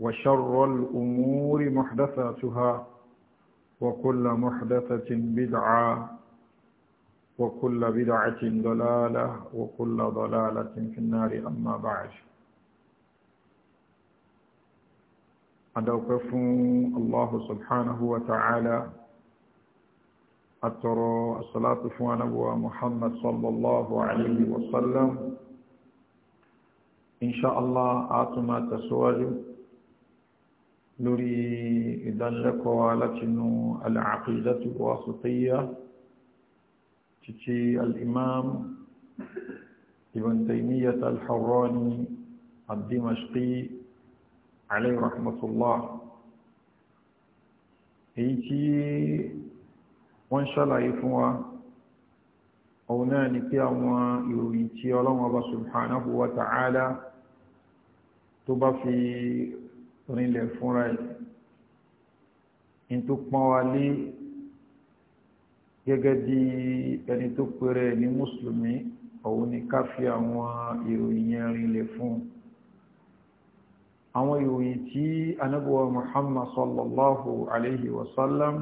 وشر الأمور محدثاتها وكل محدثة بدعة وكل بدعة ضلالة وكل ضلالة في النار أما بعد أدوكف الله سبحانه وتعالى أترى الصلاة نبوة محمد صلى الله عليه وسلم إن شاء الله آتما تسواجه lórí ìdánilẹ́kọ̀ọ́ látinú al-aqidatu al-wasitiyya títí al-imam ibn taymiyyah al-harrani ad-dimashqi alayhi rahmatullah èyí tí wọ́n ṣàlàyé fún wa òun náà ni pé àwọn ìròyìn tí Ọlọ́hun Ọba subhanahu wa ta'ala tó bá fi rinlẹ̀ fúnra ẹ̀ ní tó pọ́n wa lé gẹ́gẹ́ bí ẹni tó pèrè ní mùsùlùmí òun ni ká fi àwọn ìròyìn yẹn rinlẹ̀ fún àwọn ìròyìn tí anábọ̀wà Muhammad sallallahu alaihi wasallam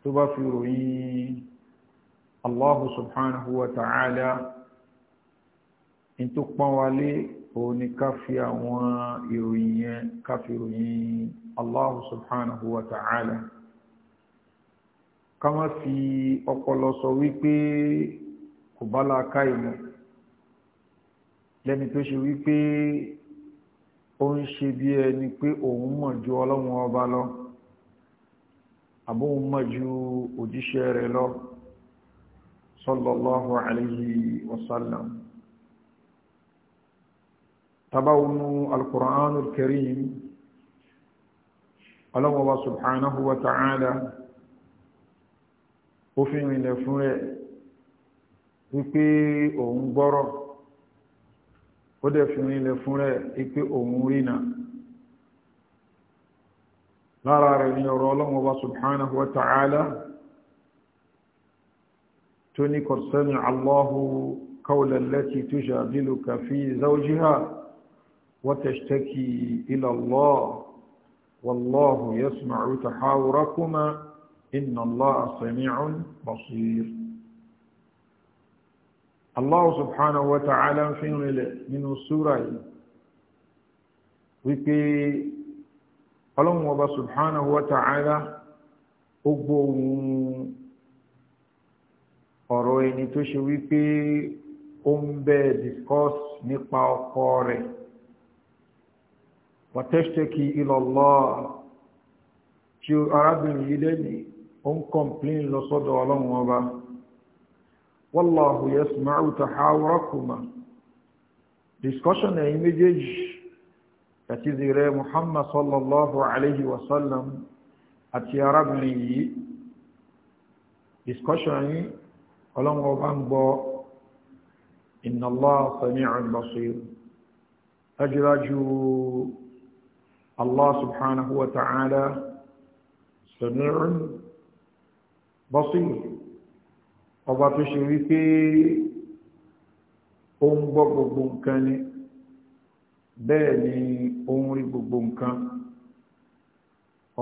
tó bá fi ròyìn Allahu subhanahu wa ta'ala in tó pọ́n wa lé òun ni ká fi àwọn ìròyìn yẹn ká fi ròyìn Allahu subhanahu wa ta'ala ká má fi ọpọlọ sọ wípé kò bá láàká ìmọ̀ lẹ́ni tó ṣe wípé ó ń ṣe bí ẹni pé òun mọ̀ ju ọlọ́run ọba lọ àbóhun mọ̀ ju òjíṣẹ́ rẹ̀ lọ sallallahu alayhi wa تبون القرآن الكريم، ọlọ́wọ́ wa subhanahu wa ta'ala ó fi rìnlẹ̀ fún rẹ̀ wípé òun gbọ́rọ̀ ó dẹ̀ fi rìnlẹ̀ fún rẹ̀ wípé òun rìnà lára rẹ̀ ni ọ̀rọ̀ ọlọ́wọ́ wa subhanahu wa ta'ala tó ní qad sami'a Allahu qawla allati tujadiluka fi zawjiha وتشتكي إلى الله والله يسمع تحاوركما إن الله سميع بصير الله سبحانه وتعالى في من السورة wípé ọlọ́run ọba subhanahu wa ta'ala ó gbóhùn ọ̀rọ̀ ẹni tó ṣe wípé ó ń bẹ́ẹ̀ discuss nípa ọkọ rẹ̀ wàtẹ́ṣẹ́kì ilallah tí arábìnrin yìí lẹ́ni ó ń kọ́mplín lọ sọ́dọ̀ ọlọ́run ọba wallahu yasma'u tahawurakuma discussion ẹ̀yin méjèèjì àti zire muhammad sallallahu alayhi wa sallam àti arábìnrin yìí discussion yìí ọlọ́run ọba ń gbọ́ inna Allah sami'un basir الله سبحانه وتعالى سميع بصير basir ọba tó ṣe wípé ó ń gbọ́ gbogbo nǹkan ni bẹ́ẹ̀ ni ó ń rí gbogbo nǹkan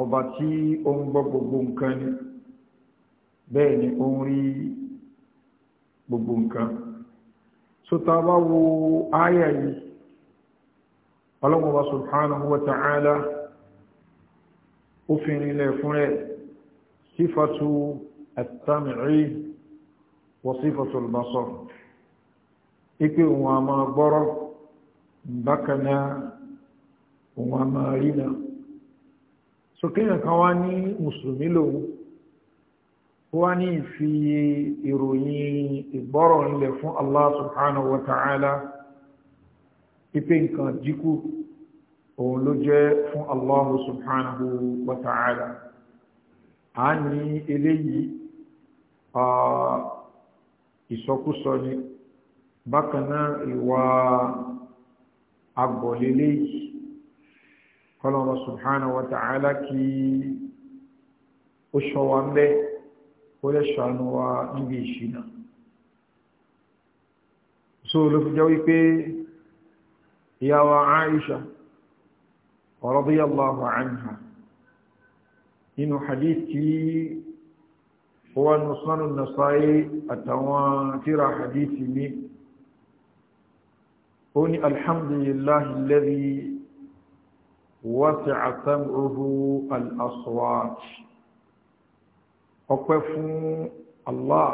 ọba tí ó ń gbọ́ gbogbo nǹkan ni bẹ́ẹ̀ ni ó ń rí gbogbo nǹkan so bá wo áyà ọlọ́wọ́ wa subhanahu wa ta'ala ó fi nílẹ̀ fún rẹ̀ sífàtú àtàmìrí wọ sífàtú albasar ipé òun a máa gbọ́rọ̀ bákaná òun a máa rínà sókèyàn kan wá ní mùsùlùmí lòun wá ní ìfi ìròyìn ìgbọ́rọ̀ nílẹ̀ fún Allah subhanahu wa ta'ala ipe nǹkan dínkù òun ló jẹ́ fún Allah subhanahu wa ta'ala a ní eléyìí ìsọkúsọ ni bákan náà ìwà agbọ̀lélẹ́ yìí kọlọ́rọ̀ subhanahu wa ta'ala kí ó ṣọwa ń ó lè ṣàánú wa níbi ìṣìnà so ló fi jẹ́ wípé ìyàwó Aisha radiyallahu anha nínú hadith tí wọ́n nùsánù nasáyé àtàwọn tíra hadith ní ó ní alhamdulillahi alladhi wasi'a sam'uhu al-aswat ọpẹ́ fún Allah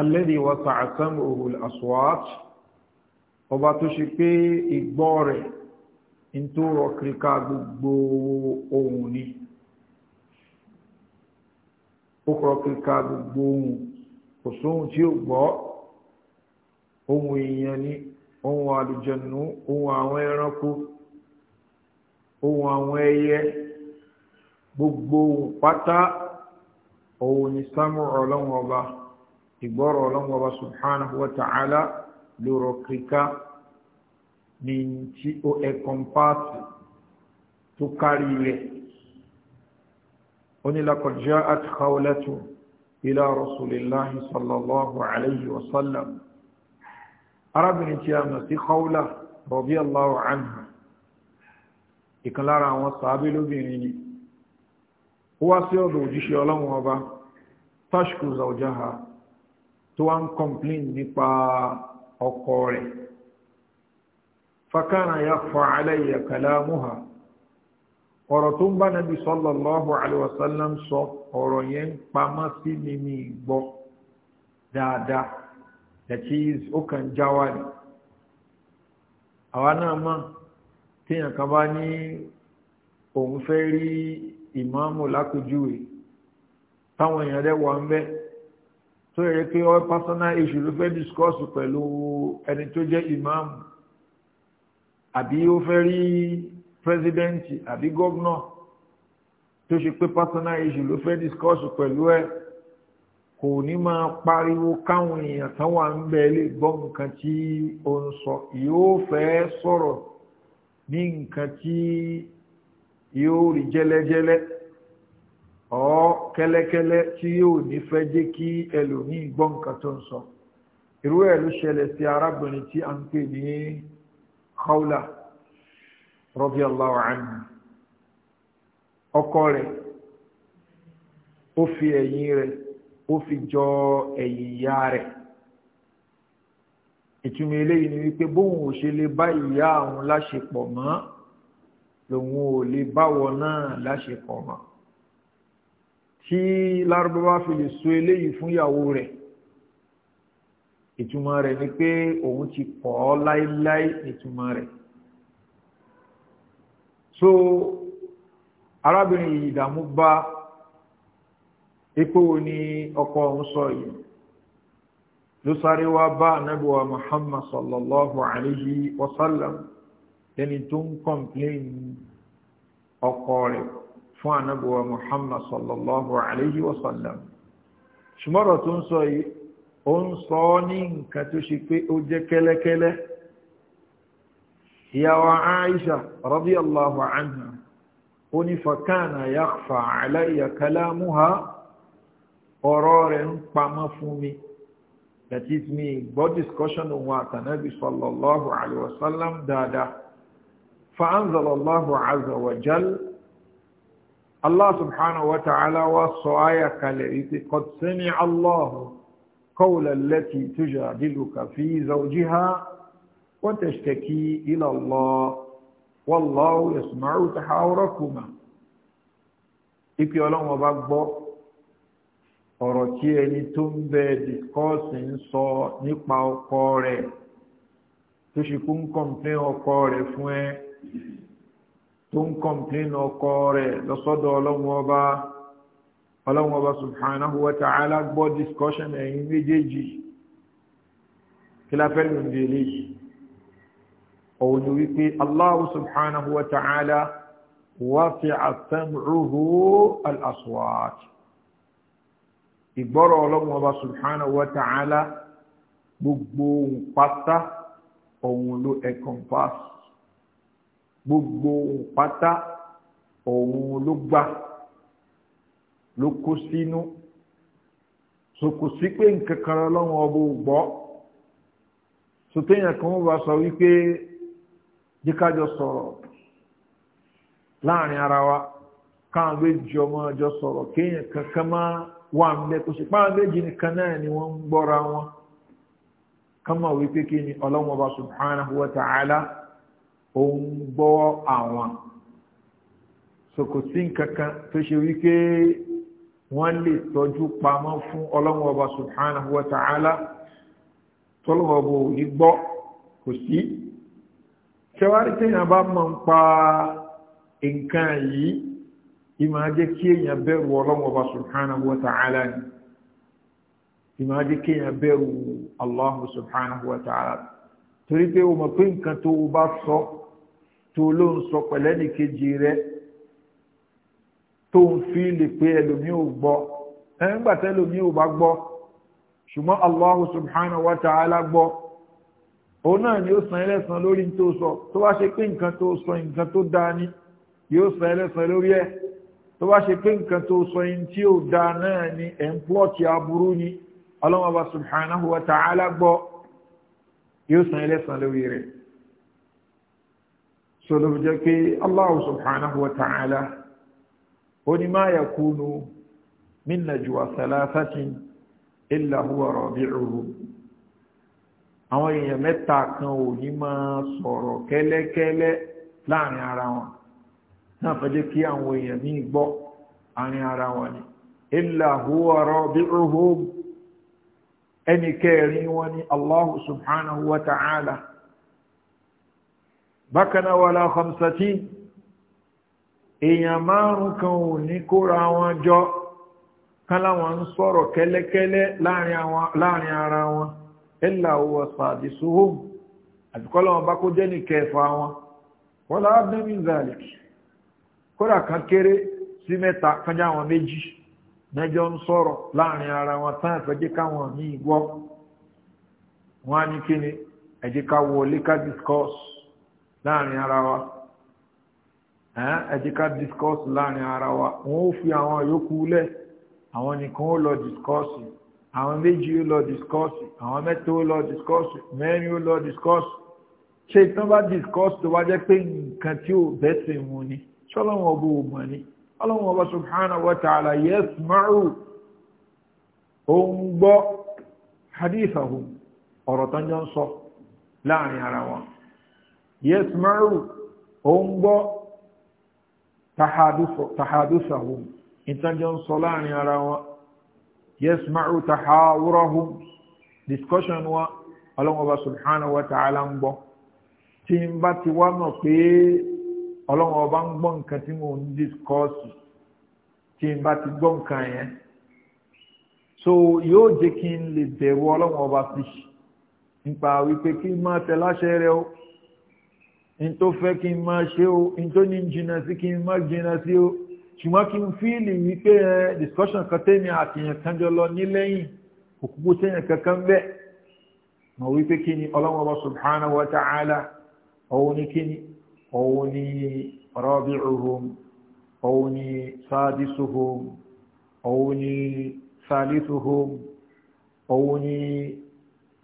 alladhi wasi'a sam'uhu al ọba tó ṣe pé ìgbọ́ rẹ̀ ń tó rọ kíríkà gbogbo ohun ni ó rọ kíríkà gbogbo ohun kò sóhun tí ó gbọ́ ohun èèyàn ni ohun àlùjànnú ohun àwọn ẹranko ohun àwọn ẹyẹ gbogbo pátá òun ni sámúrọ̀ ọlọ́wọ́n ìgbọ́rọ̀ ọlọ́wọ́n subhanahu wa ta'ala lọ́rọ̀ kíríká ní tí ó ẹ̀kan páàtì tó kárí rẹ̀ ó ní laqad ja'at khawlatu ila rasulillahi sallallahu alayhi wa sallam arábìnrin tí a mọ̀ sí khawla radiyallahu anha ìkan lára àwọn sàábé lóbìnrin ni ó wá sí ọ̀dọ̀ òjíṣẹ́ ọlọ́run ọba tashku ọkọ rẹ̀ fakana yakhfa alayya kalamuha ọ̀rọ̀ tó ń bá nàbí sallallahu alaihi sọ ọrọ yẹn ń pamọ́ sí mi ní ìgbọ́ dáadáa that is ó kàn jáwá ni àwa náà mọ̀ téèyàn kan bá ní òun fẹ́ rí ìmáàmù lápèjúwe táwọn èèyàn rẹ̀ wà ń bẹ́ẹ̀ tó yẹ pé ọ personal issue ló fẹ́ discuss pẹ̀lú ẹni tó jẹ́ imam àbí ó fẹ́ rí president àbí governor tó ṣe pé personal issue ló fẹ́ discuss pẹ̀lú ẹ kò ní máa pariwo káwọn èèyàn tán wà ń bẹ lè gbọ́ nǹkan tí ó ń sọ yóò fẹ́ sọ̀rọ̀ ní nǹkan tí yóò rí jẹ́lẹ́jẹ́lẹ́ kẹ́lẹ́kẹ́lẹ́ tí yóò ní fẹ́ jẹ́ kí ẹlòmíì gbọ́ nǹkan tó ń sọ irú ẹ̀ ló ṣẹlẹ̀ sí arábìnrin tí a ń pè ní Khawla radiyallahu anha ọkọ rẹ̀ ó fi ẹ̀yìn rẹ̀ ó fi jọ ẹ̀yìn ìyá rẹ̀ ìtumọ̀ eléyìí ni wípé bóun ò ṣe lè bá ìyá àwọn láṣepọ̀ mọ́ lòun ò lè báwọ náà láṣepọ̀ mọ́ tí lárúbáwá fi lè sọ eléyìí fún ìyàwó rẹ̀ ìtumọ̀ rẹ̀ ni pé òun ti kọ̀ ọ́ láíláí ìtumọ̀ rẹ̀ so arábìnrin yìí ìdààmú bá ipò wo ni ọkọ òun sọ yìí ló sáré wá bá anábíwá Muhammad sallallahu alayhi wa sallam ẹni tó ń kọ̀m̀plẹ́ìn ọkọ rẹ̀ fún ànábọ̀wà Muhammad sallallahu alayhi wa sallam ṣùgbọ́rọ̀ tó ń sọ yìí ó ń sọ ní nǹkan tó ṣe pé ó jẹ́ kẹ́lẹ́kẹ́lẹ́ ìyàwó Aisha radiyallahu anha ó ní fakana yakhfa alayya kalamuha ọ̀rọ̀ rẹ̀ ń pamọ́ fún mi that is me gbọ́ discussion òun àtànábì sallallahu alayhi wa sallam dáadáa fa anzalallahu wa jalla Allah subhanahu wa ta'ala wa sọ ayà kalẹ̀ ìpé qad sami'a Allahu qawla allati tujadiluka fi zawjiha wa tashtaki ila Allah wallahu yasma'u tahawurakuma. Ìpé ọlọ́run ọba gbọ́ ọ̀rọ̀ tí ẹni tó ń bẹ dìkọ́ọ̀sì ń sọ nípa ọkọ rẹ̀ tó ṣe kú ń kọ̀m̀pé ọkọ rẹ̀ fún ẹ tó ń kọ̀mplín ọkọ rẹ̀ lọ́sọ́dọ̀ ọlọ́run ọba ọlọ́run ọba subhanahu wa ta'ala gbọ́ discussion ẹ̀yin méjèèjì kí la fẹ́ lòdì eléyìí òun ni wípé Allahu subhanahu wa ta'ala wasi'a sam'uhu al-aswat ìgbọ́rọ̀ ọlọ́run ọba subhanahu wa ta'ala gbogbo pátá òun ló encompass gbogbo pata òun ló gbà ló kó sínú so kò sí pé nǹkan kan lọ́wọ́ ọba ò gbọ́ so téèyàn kan ó bá sọ wípé jíkájọ sọ̀rọ̀ láàrin ara wa káwọn méjì ọmọ ọjọ́ sọ̀rọ̀ kéèyàn kankan máa wà nílẹ̀ kò sí páwọn méjì nìkan náà ni wọ́n ń gbọ́ra wọn ká wípé kí ni ọlọ́wọ́ ọba subhanahu wa ta'ala ó ń gbọ́ àwọn sòkòtí nkankan tó ṣe wípé wọ́n lè tọ́jú pamọ́ fún ọlọ́run ọba subhanahu wa ta'ala tọ́lọ́wọ́ bò ní gbọ́ kò sí ṣẹwárí téèyàn bá mọ̀ ń pa nǹkan yìí ìmọ̀ ajẹ́ kí èèyàn bẹ̀rù ọlọ́run ọba subhanahu wa ta'ala ni ìmọ̀ ajẹ́ kí èèyàn bẹ̀rù Allahu subhanahu wa ta'ala torí pé o mọ̀ pé nǹkan tó o bá sọ tó ló ń sọ pẹ̀lẹ́nì kejì rẹ̀ tó ń fi lè pé ẹlòmí ò gbọ́ ẹ̀ńgbà tẹ́lòmí ò bá gbọ́ ṣùgbọ́n Allahu subhanahu wa ta'ala gbọ́ òun náà ni ó san ẹlẹ́san lórí tó sọ tó bá ṣe pé nǹkan tó sọ nǹkan tó dáa ni yóò san ẹlẹ́san lórí ẹ̀ tó bá ṣe pé nǹkan tó sọ yìí tí ó dáa náà ni ẹ̀ńplọ́ọ̀tì aburú ni ọlọ́mọba subhanahu wa ta'ala gbọ́ yóò san ẹlẹ́san lórí rẹ̀ so ló fi jẹ́ pé Allahu subhanahu wa ta'ala ó ní ma yakunu min najwa thalathatin illa huwa rabi'uhum àwọn èèyàn mẹ́ta kan ò ní máa sọ̀rọ̀ kẹ́lẹ́kẹ́lẹ́ láàrin ara wọn náà fẹ́ kí àwọn èèyàn ní gbọ́ àrin ara wọn ni illa huwa rabi'uhum wọn ni Allahu subhanahu bákan náà wala khamsati èèyàn márùn kan ò ní kóra wọn jọ kán láwọn ń sọ̀rọ̀ kẹ́lẹ́kẹ́lẹ́ láàrin ara wọn illa huwa sadisuhum àbíkọ́ láwọn bá kó jẹ́ ní kẹfà wọn wala adna min zalik kódà kan kéré sí mẹ́ta kan já wọn méjì mẹ́jọ ń sọ̀rọ̀ láàrin ara wọn tán àfẹ́jẹ́ káwọn ní ìgbọ́ wọn á ní kíni ẹ̀jẹ̀ ká wọlé ká discourse láàrin ara wa ẹ jẹ́ ká discuss láàrin ara wa wọ́n ó fi àwọn yòókù lẹ̀ àwọn nìkan ó lọ discuss àwọn méjì ó lọ discuss àwọn mẹ́ta ó lọ discuss mẹ́rin ó lọ discuss ṣé ìtàn bá discuss tó wá jẹ́ pé nǹkan tí ò bẹ́sẹ̀ mu ni ṣọ́lọ́wọ́n ọba ò mọ̀ ni ọlọ́wọ́n ọba subhanahu wa ta'ala yasma'u òun gbọ́ hadithahum ọ̀rọ̀ tán jọ ń sọ láàrin ara wọn yẹ́sùmọ́rù òun gbọ́ tàhádùsàhùn ìtàjọ́ ń sọ láàrin ara wọn yẹ́sùmọ́rù tàhádùrọ̀hùn discussion wọn ọlọ́wọ́ba subhanahu wa ta'ala ń gbọ́ tí n bá ti wá mọ̀ pé ọlọ́wọ́ba ń gbọ́ nǹkan tí mo ń discuss tí n bá ti gbọ́ nǹkan yẹn so yóò jẹ́ kí n lè bẹ̀rù ọlọ́wọ́ba fi nípa wípé kí n máa tẹ̀ láṣẹ rẹ̀ o in tó fẹ́ kí n máa ṣe o in tó ní jìnà sí kí n máa jìnà sí o ṣùgbọ́n kí n fíìlì wípé ẹ discussion kan tẹ́mi àtìyàn kan jọ lọ nílẹ́yìn òkúkú tẹ́yàn kankan bẹ́ẹ̀ mọ̀ wípé kí ni ọlọ́run ọba subhanahu wa ta'ala òun ni kí ni òun ni rabi'uhum òun ni sadisuhum òun ni salisuhum òun ni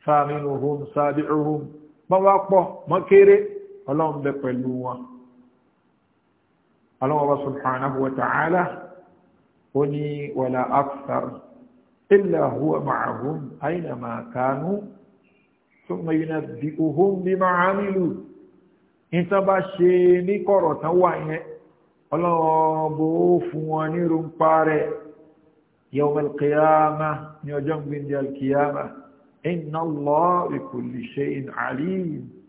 saminuhum sabi'uhum bá wá pọ̀ mọ́ kéré ọlọ́run bẹ pẹ̀lú wọn ọlọ́run wa subhanahu wa ta'ala ó ní wàlá akthar illa huwa ma'ahum aina ma kanu thumma yunabbi'uhum bima 'amilu ìtàn bá ṣe ní kọ̀rọ̀ tán wà yẹn ọlọ́run bó fún wọn ní rúmpa rẹ̀ يوم القيامة يوم جنب القيامة إن الله بكل شيء عليم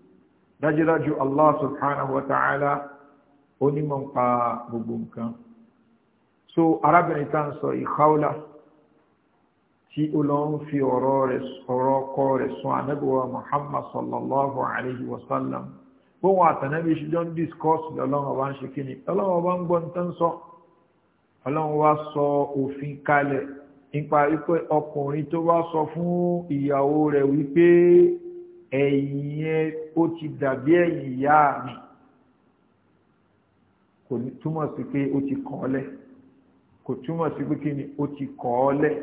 dájúdájú Allah subhanahu wa ta'ala onímọ̀ ń pa gbogbo nǹkan so arábìnrin tá ń sọ ìkáwọ́lá tí ó lọ ń fi ọ̀rọ̀ ọkọ rẹ̀ sun anábíwá Muhammad sallallahu alayhi wa sallam gbóhùn àtànábí ṣe jọ ń discourse lọ́lọ́wọ́ bá ń ṣe kí ni ọlọ́wọ́ bá ń gbọ́ ń tán sọ ọlọ́wọ́ wá sọ òfin kalẹ̀ nípa wípé ọkùnrin tó bá sọ fún ìyàwó rẹ̀ wípé ẹ̀yìn yẹn ó ti dàbí ẹ̀yìn ìyá mi kò ní túmọ̀ sí pé ó ti kọ́ ọ kò túmọ̀ sí pé kí ni ó ti kọ́ ọ lẹ̀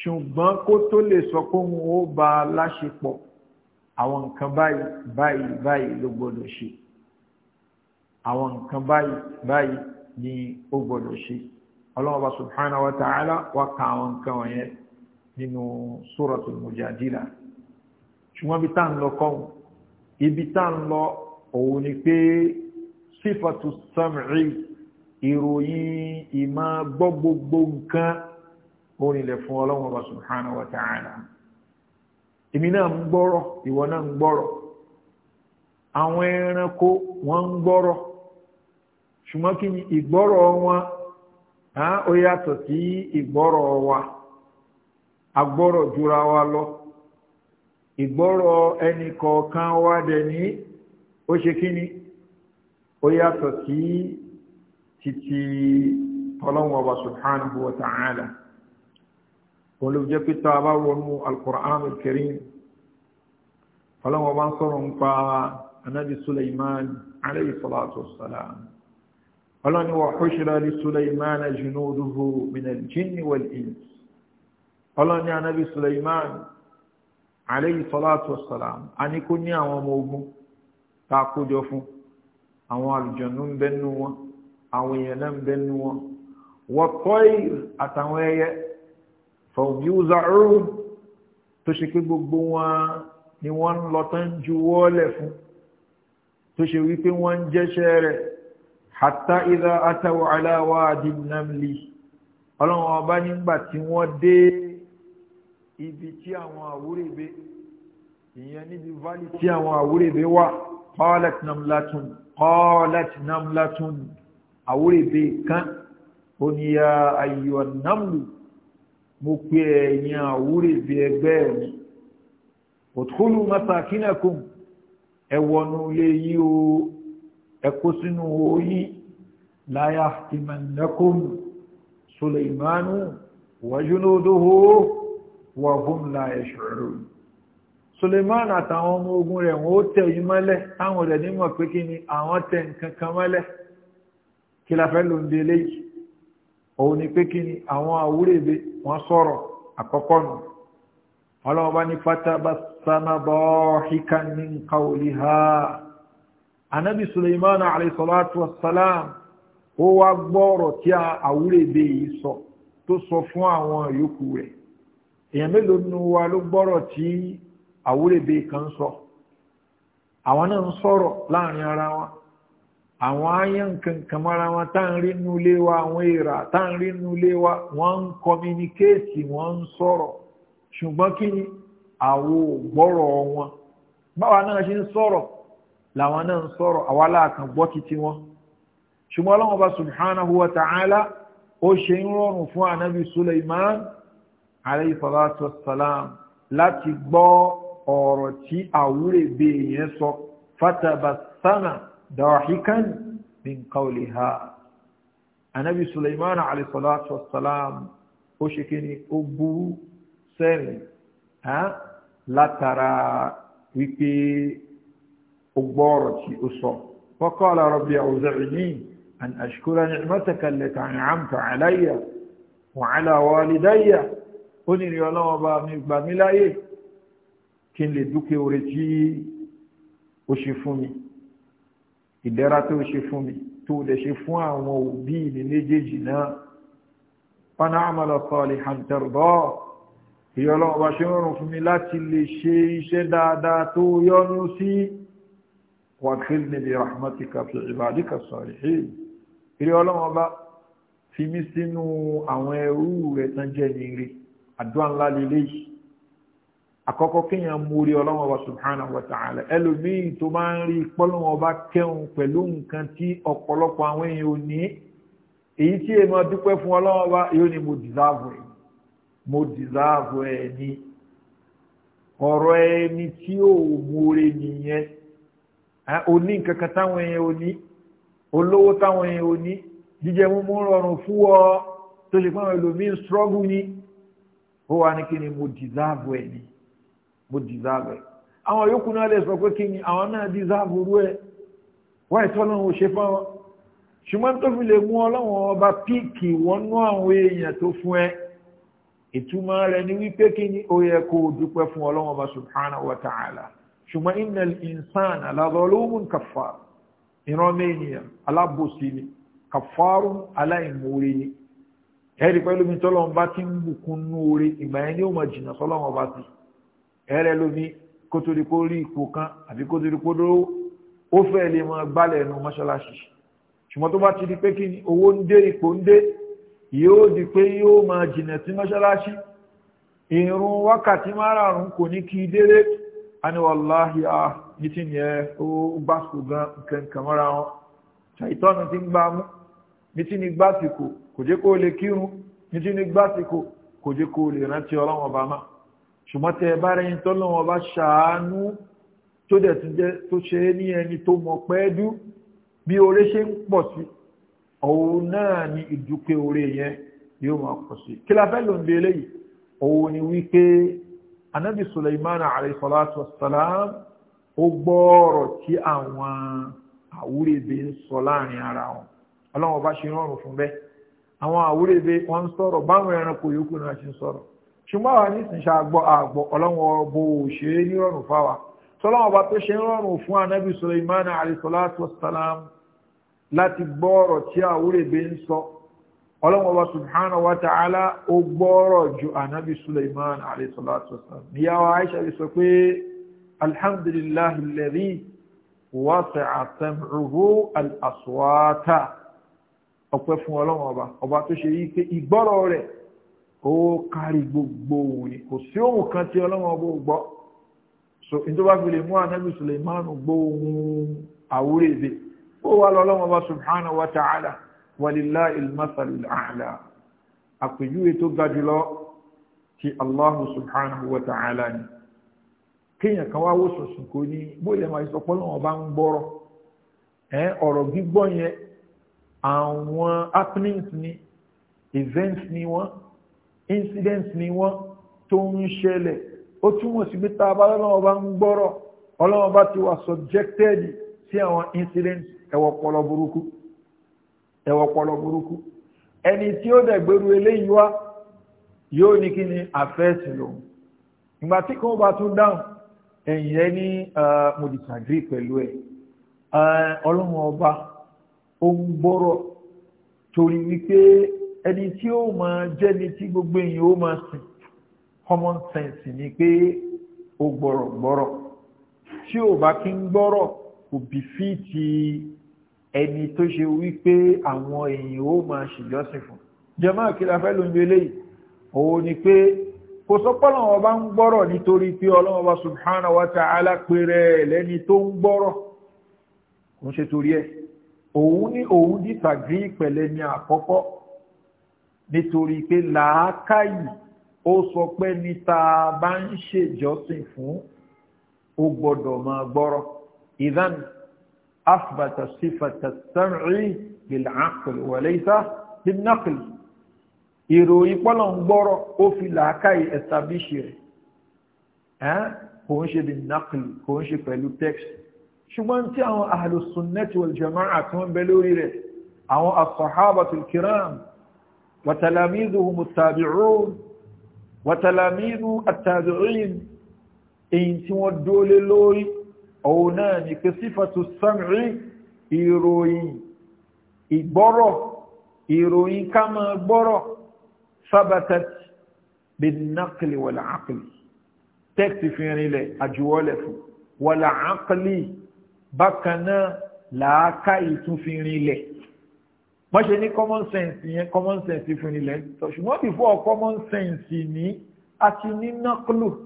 ṣùgbọ́n kó tó lè sọ pé òun ó bá a láṣepọ̀ àwọn nǹkan báyìí báyìí báyìí ló gbọ́dọ̀ ṣe àwọn nǹkan báyìí báyìí ni ó gbọ́dọ̀ ṣe ọlọ́run bá subhanahu wa ta'ala wá ka àwọn nǹkan wọ̀nyẹn nínú suratul mujadila. ṣùgbọ́n ibi tá ń lọ kọ́ ibi tá ń lọ òun ni pé sífàtú sam'i ìròyìn ìmọ̀ gbọ́ gbogbo nǹkan fún ọlọ́run ọba subhanahu wata ta'ala èmi náà ń gbọ́rọ̀ ìwọ náà ń gbọ́rọ̀ àwọn ẹranko wọ́n ń gbọ́rọ̀ ṣùgbọ́n kí ni ìgbọ́rọ̀ wọn ó yàtọ̀ lọ ìgbọ́rọ̀ ẹnì kọ̀ọ̀kan wá dẹ̀ ní ó ṣe kí ni ó yàtọ̀ sí títí ọlọ́wọ́ ọba subhanahu wa ta'ala òun ló jẹ́ pítà bá wọnú al-Qur'an al-Karim ọlọ́wọ́ bá ń sọ̀rọ̀ ń pa anabi Sulaiman salatu wassalam ọlọ́ni wa hushira li Sulaiman junuduhu min al-jinni wal-ins ọlọ́ni anabi Sulaiman alayhi salatu wassalam a ní kó ní àwọn ọmọ ogun tá a kójọ fún àwọn àlùjọ̀nù ń bẹ nínú wọn àwọn èèyàn náà ń bẹ nínú wọn wọ́pọ̀ì àtàwọn ẹyẹ fọ̀bíúzàrún tó ṣe pé gbogbo wọn ni wọ́n ń lọ tán ju wọ́ọ̀lẹ̀ fún tó ṣe wípé wọ́n ń jẹ́ṣẹ́ rẹ̀ hatta idha ataw ala wadi ọlọ́run ọba nígbà tí wọ́n dé ibi tí àwọn àwúrèbe ìyẹn níbi valley tí àwọn àwúrèbe wà qalat namlatun qalat namlatun àwúrèbe kan ó ní ya ayyuhan namlu mo pe ẹ̀yin àwúrèbe ẹgbẹ́ mi udkhulu masakinakum ẹ wọnú ilé yín o ẹ kó sínú oyin la yahtimannakum sulaymanu wa junuduhu wa hum la yash'urun Suleiman àtàwọn ọmọ ogun rẹ̀ wọ́n ó tẹ̀ yí mọ́lẹ̀ táwọn rẹ̀ nímọ̀ pé kí ni àwọn tẹ̀ nǹkan kan mọ́lẹ̀ kí la fẹ́ ló ń de léyìí òun ni pé kí ni àwọn àwúrèbe wọ́n sọ̀rọ̀ àkọ́kọ́ nù ọlọ́wọ́ bá ní fatabassama dahikan min qawliha anabi Suleiman alayhi salatu ó wá gbọ́ọ̀rọ̀ tí àwúrèbe yìí sọ tó sọ fún àwọn yòókù rẹ̀ èèyàn mélòó nu wa ló gbọ́rọ̀ tí àwúrẹ́bẹ kan sọ àwọn náà ń sọ̀rọ̀ láàrin ara wọn àwọn ayán kankan mara wọn tá ń rí nu ilé wa àwọn èèrà tá ń rí nu ilé wa wọ́n ń kọmíníkéètì wọ́n ń sọ̀rọ̀ ṣùgbọ́n kí ni àwo gbọ́rọ̀ wọn báwa náà ṣe ń sọ̀rọ̀ làwọn náà ń sọ̀rọ̀ àwa láàkàn gbọ́ títí wọn ṣùgbọ́n ọlọ́run subhanahu wa ta'ala ó ṣe ń rọrùn fún anabi suleiman عليه الصلاة والسلام لا تبا أورتي أولي بينسو فتبسم ضاحكا من قولها النبي سليمان عليه الصلاة والسلام وشكني أبو سامي ها لا ترى ويكي أبارتي أسر فقال ربي أوزعني أن أشكر نعمتك التي أنعمت علي وعلى والدي ó ní ìrìn ọlọ́wọ́ bá mi gbà mí láyè kí n lè dúkẹ́ oore tí ó ṣe fún mi ìdẹ́ra tó ṣe fún mi tó lè ṣe fún àwọn òbí mi méjèèjì náà fana àmàlà sọ̀lì hàǹtẹ̀rọ̀dọ́ ìrìn ọlọ́wọ́ bá ṣe rọrùn fún mi láti lè ṣe iṣẹ́ dáadáa tó yọ́nú sí wàkílni bí rahmatika fi ìbàdíkà sọ̀rìhìn ìrìn ọlọ́wọ́ bá fi mí sínú àwọn ẹrú rẹ̀ tán jẹ́ ní àdúrà ńlá lélẹ́yìí àkọ́kọ́ kéèyàn múrí ọlọ́wọ́ wa subhanahu wa ta'ala ẹlòmíì tó máa ń rí pọ́lọ́wọ́ bá kẹ́hùn pẹ̀lú nǹkan tí ọ̀pọ̀lọpọ̀ àwọn èèyàn ò ní èyí tí èèyàn máa dúpẹ́ fún ọlọ́wọ́ wa yóò ní mo dìsáàbù ẹ̀ mo dìsáàbù ẹ̀ ní ọ̀rọ̀ ẹni tí ò múre nìyẹn oní nǹkan kan táwọn èèyàn ò ní olówó táwọn èèyàn ò ní jíjẹ mú rọrùn fún ọ tó ṣe fún àwọn ẹlòmíì ni ó wá ní kí ni mo dìsáàbù ẹ̀ ni mo dìsáàbù ẹ̀ àwọn yòókù náà lè sọ pé kí ni àwọn náà dìsáàbù rú ẹ̀ wá ìtọ́lọ́run ò ṣe fáwọn ṣùgbọ́n tó fi lè mú ọlọ́run ọba ni wípé kí ni ó yẹ kó o subhanahu wa ta'ala ṣùgbọ́n innal insana la zalumun kaffar ìran mẹ́niyàn alábòsí ni kàfàrún aláìmoore ni ẹ̀rí pẹ̀lú mi tọ́lọ́run bá ti ń bùkún orí ìgbà ni ó mọ̀ jìnnà ọba ti ẹ̀rẹ́ lómi kó torí kó rí ipò kan àbí kó torí kó dúró ó fẹ́ lè mọ gbálẹ̀ ẹnu mọ́ṣáláṣí ṣùgbọ́n tó bá ti di pé kí ni owó ń dé ipò ń dé yóò di pé yóò máa sí mọ́ṣáláṣí wákàtí márààrún kò gan mọ́ra wọn ti ń gbá ní tí ní gbásìkò kò jẹ́ kó lè kírun ní tí ní gbásìkò kò jẹ́ kó lè rántí ọlọ́run ọba máa ṣùgbọ́n tẹ bá rẹ̀ yín tọ́lọ́run ọba ṣàánú tó dẹ̀ tún jẹ́ tó ṣe ní ẹni tó mọ̀ pẹ́ẹ́dú bí oore ṣe ń pọ̀ sí òun náà ni ìdúpẹ́ oore yẹn yóò máa pọ̀ sí kí la fẹ́ ló ń òun ni wípé anabi suleiman alayhisalatu wasalam ó gbọ́ ọ̀rọ̀ tí àwọn àwúrẹ́bẹ̀ ń sọ láàrin ara wọn ọlọ́wọ́n bá ṣe rọrùn fún bẹ́ẹ̀ àwọn àwúrẹ́bẹ wọn ń sọ̀rọ̀ báwọn ẹranko yòókù náà ṣe ń sọ̀rọ̀ ṣùgbọ́n àwọn nísìnyí ṣàgbọ́ àgbọ̀ ọlọ́wọ́n bó ṣe é ní rọrùn fáwa tọ́lọ́wọ́n bá tó ṣe ń rọrùn fún anábì Sulaiman alayhisalatu wasalam láti gbọ́ ọ̀rọ̀ tí àwúrẹ́bẹ ń sọ ọlọ́wọ́n bá subhanahu wa ta'ala ó gbọ́ọ̀rọ̀ ju anábì Sulaiman alayhisalatu wasalam níyàwó Aisha sọ pé alhamdulillahi alladhi wasi'a sam'uhu al-aswata ọpẹ́ fún ọlọ́run ọba ọba tó ṣe yíké ìgbọ́rọ̀ rẹ̀ ó kárí gbogbo òun ni kò sí ohun kan tí ọlọ́run ọba ò gbọ́ so in tó bá fi lè mú anábì gbọ́ ohun àwúrẹ́bẹ̀ ó wà lọ ọlọ́run ọba subhanahu wa ta'ala a'la àpèjúwe tó ga jùlọ ti allahu subhanahu wa ni kéèyàn kan wá wò sọ̀sùn kò ní bóyá máa ọba ń gbọ́rọ̀ ọ̀rọ̀ gbígbọ́ àwọn happenings ni events ni wọ́n incidents ni wọ́n tó ń ṣẹlẹ̀ ó túmọ̀ sí pé tàbá lọ́wọ́ bá ń gbọ́rọ̀ ọlọ́wọ́ bá ti wà subjected sí àwọn incidents ẹ̀wọ̀ pọlọ burúkú ẹ̀wọ̀ pọlọ burúkú ẹni tí ó dẹ̀gbẹ̀rú eléyìí wá yóò ní kí ni àfẹ́ẹ̀sì lòun ìgbà tí kan bá tún dáhùn ẹ̀yìn rẹ ah, mo disagree pẹ̀lú ẹ̀ ah, ọlọ́wọ́ ọba ó ń gbọ́rọ̀ torí wípé ẹni tí ó máa jẹ́ni tí gbogbo èèyàn ó máa sìn common sense ni pé ó gbọ́rọ̀ gbọ́rọ̀ tí ò bá kí ń gbọ́rọ̀ kò bí fíìtì ẹni tó ṣe wípé àwọn èèyàn ó máa ṣèjọ́sìn fún jẹ́mọ́ àkílà fẹ́ ló ń gbé léyìí òun ni pé kò sọ pọ́lọ̀wọ́ bá ń gbọ́rọ̀ nítorí pé Ọlọ́hun Ọba subhanahu wa ta'ala pèrè lẹ́ni tó ń gbọ́rọ̀ kò ń ṣe torí ẹ̀ òun ní òun disagree pẹ̀lẹ́ ní àkọ́kọ́ nítorí pé làákàyè ó sọ pé ní tá a bá ń ṣèjọsìn fún ó gbọ́dọ̀ máa gbọ́rọ̀ idan afbata sifata sam'i lil'aql wa laysa linnaql ìròyìn pọ́lọ̀ ń gbọ́rọ̀ ó fi làákàyè establish rẹ̀ kò ń ṣe linnaql kò ń ṣe pẹ̀lú text ṣùgbọ́n tí àwọn ahlu sunnati wal jama'a tí wọ́n bẹ lórí rẹ̀ àwọn as-sahabatul kiram wa talamizuhum at-tabi'un wa talamizu at-tabi'in èyí tí wọ́n dólé lórí ọ̀hún náà ni pé sífàtù sam'i ìròyìn ìgbọ́rọ̀ ìròyìn ká gbọ́rọ̀ sabatat bin-naqli fi rinlẹ̀ àjùwọ́lẹ̀ fún wal bákan náà làákà ìtúnfin rinlẹ̀ wọ́n ṣe ní common sense yẹn common sense fún ilẹ̀ ṣùgbọ́n before common sense ní a ti níná clue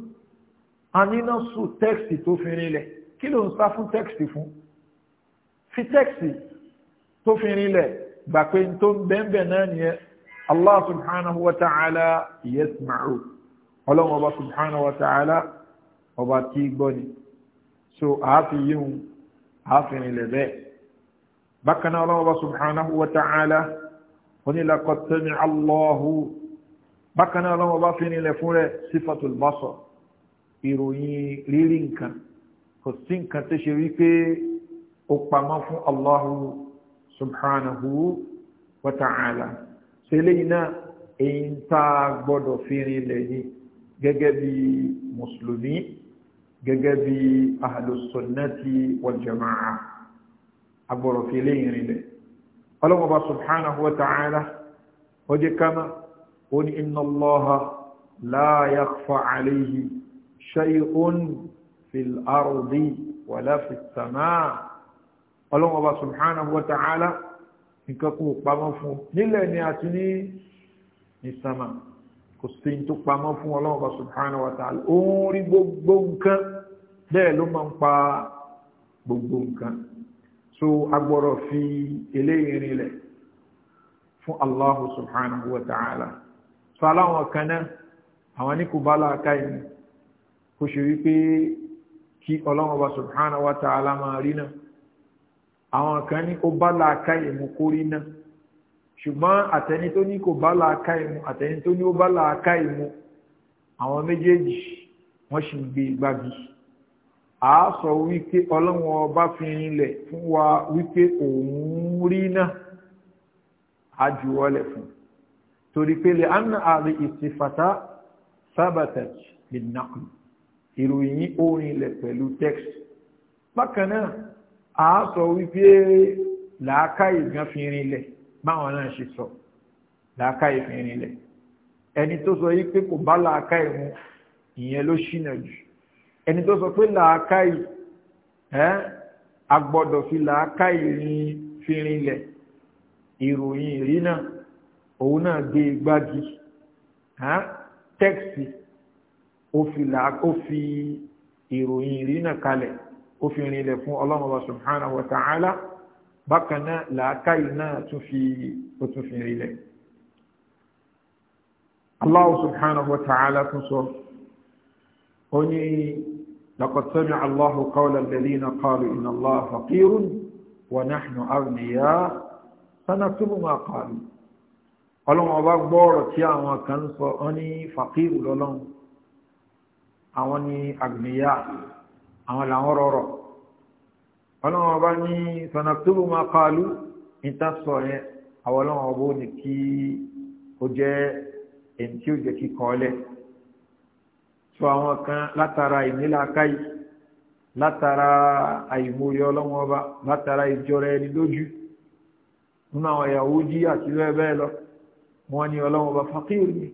a níná sùn tẹ́ẹ̀sì tó fi rinlẹ̀ kí ló ń sá fún tẹ́ẹ̀sì fún fi tẹ́ẹ̀sì tó fi rinlẹ̀ gbà pé tó ń bẹ́ẹ̀bẹ̀ náà nìyẹn Allah subhanahu wa ta'ala yasma'u ọlọ́run ọba subhanahu wa ta'ala ọba tí gbọ́ ni so àá fi yíhun àfihàn ilẹ̀ bẹ́ẹ̀ bákan náà ọlọ́wọ́ subhanahu wa ta'ala oní laqad sami'a Allahu bákan náà ọlọ́wọ́ bá fi nílẹ̀ fún rẹ̀ sifatul basar ìròyìn rírí nǹkan kò sí nǹkan tó ṣe wípé ó Allahu subhanahu wa ta'ala ṣe léyìn náà èyí ń tá a gbọ́dọ̀ fi rinlẹ̀ yìí gẹ́gẹ́ bí ahlùsùnnẹ́tì wàljẹ̀máà agbọ̀rọ̀fì lẹ́yìn rẹ̀ ọlọ́mọba subhanahu wa ta'ala ó jẹ́ kama ó ní inna Allaha la yakhfa alayhi shay'un fil ardi wala fis samaa ọlọ́mọba subhanahu wa ta'ala nǹkan kò pamọ́ fún nílẹ̀ ni àti ní ìsàmà kò sí tó pamọ́ fún ọlọ́ọ̀bá subhanahu wa ta'ala òun rí gbogbo nǹkan bẹ́ẹ̀ ló máa ń pa gbogbo nǹkan so agbọ́rọ̀ fi eléyìí rinlẹ̀ fún Allahu subhanahu wa ta'ala so aláwọn kan náà àwọn ní kò bá láàká ìní kò ṣe wípé kí ọlọ́ọ̀bá subhanahu wa ta'ala máa rí náà àwọn kan ní ó bá láàká ìmú kórí náà ṣùgbọ́n àtẹni tó ní kò bá làákà ìmú àtẹni tó ní ó bá làákà ìmú àwọn méjèèjì wọ́n sì ń gbé gbági a sọ wípé ọlọ́run ọba fi rinlẹ̀ fún wa wípé òun rí náà a jù wọlẹ̀ fún torí pé anna àrí ìsìfàtà sabatat binnaql ìròyìn orinlẹ̀ pẹ̀lú text bákan náà a sọ wípé làákà ìgbọ́n fi rinlẹ̀ báwọn náà ṣe sọ làákà ìfìrin lẹ̀ ẹni tó sọ yí pé kò bá làákà ìmú ìyẹn ló ṣìnà jù ẹni tó sọ pé làákà ì ẹ́ agbọ́dọ̀ fi làákà ìrìn fìrin lẹ̀ ìròyìn ìrí náà òun náà gbé igbági e tẹ́ksì ó fi ìròyìn ìrí náà kalẹ̀ ó fi rinlẹ̀ fún ọlọ́run wa subhanahu wa ta'ala bákan náà làákàyè náà tún fi ó tún fi rílẹ̀. Allahu subhanahu wa ta'ala tún sọ, ó ní laqad sami'a Allahu qawla alladhina qalu inna Allaha faqirun wa nahnu aghniya sanaktubu ma qalu. Ọlọ́run ọba gbọ́ọ̀rọ̀ tí àwọn kan sọ, ó ní fàkírù lọ́lọ́run, àwọn ni aghniya, àwọn làwọn rọrọ̀ ọlọ́wọ́n bá ní sanaktubu ma qalu ìtàsọ̀ yẹn àwọn ọlọ́wọ́n bó ní kí ó jẹ́ èyí tí ó jẹ́ kíkọ́ ọlẹ́ tó àwọn kan látara ìnílàákàyè látara àìmórí ọlọ́wọ́n bá látara ìjọra ẹni lójú nínú àwọn Yahudi àti bẹ́ẹ̀ bẹ́ẹ̀ lọ wọ́n ní ọlọ́wọ́n bá faqir ni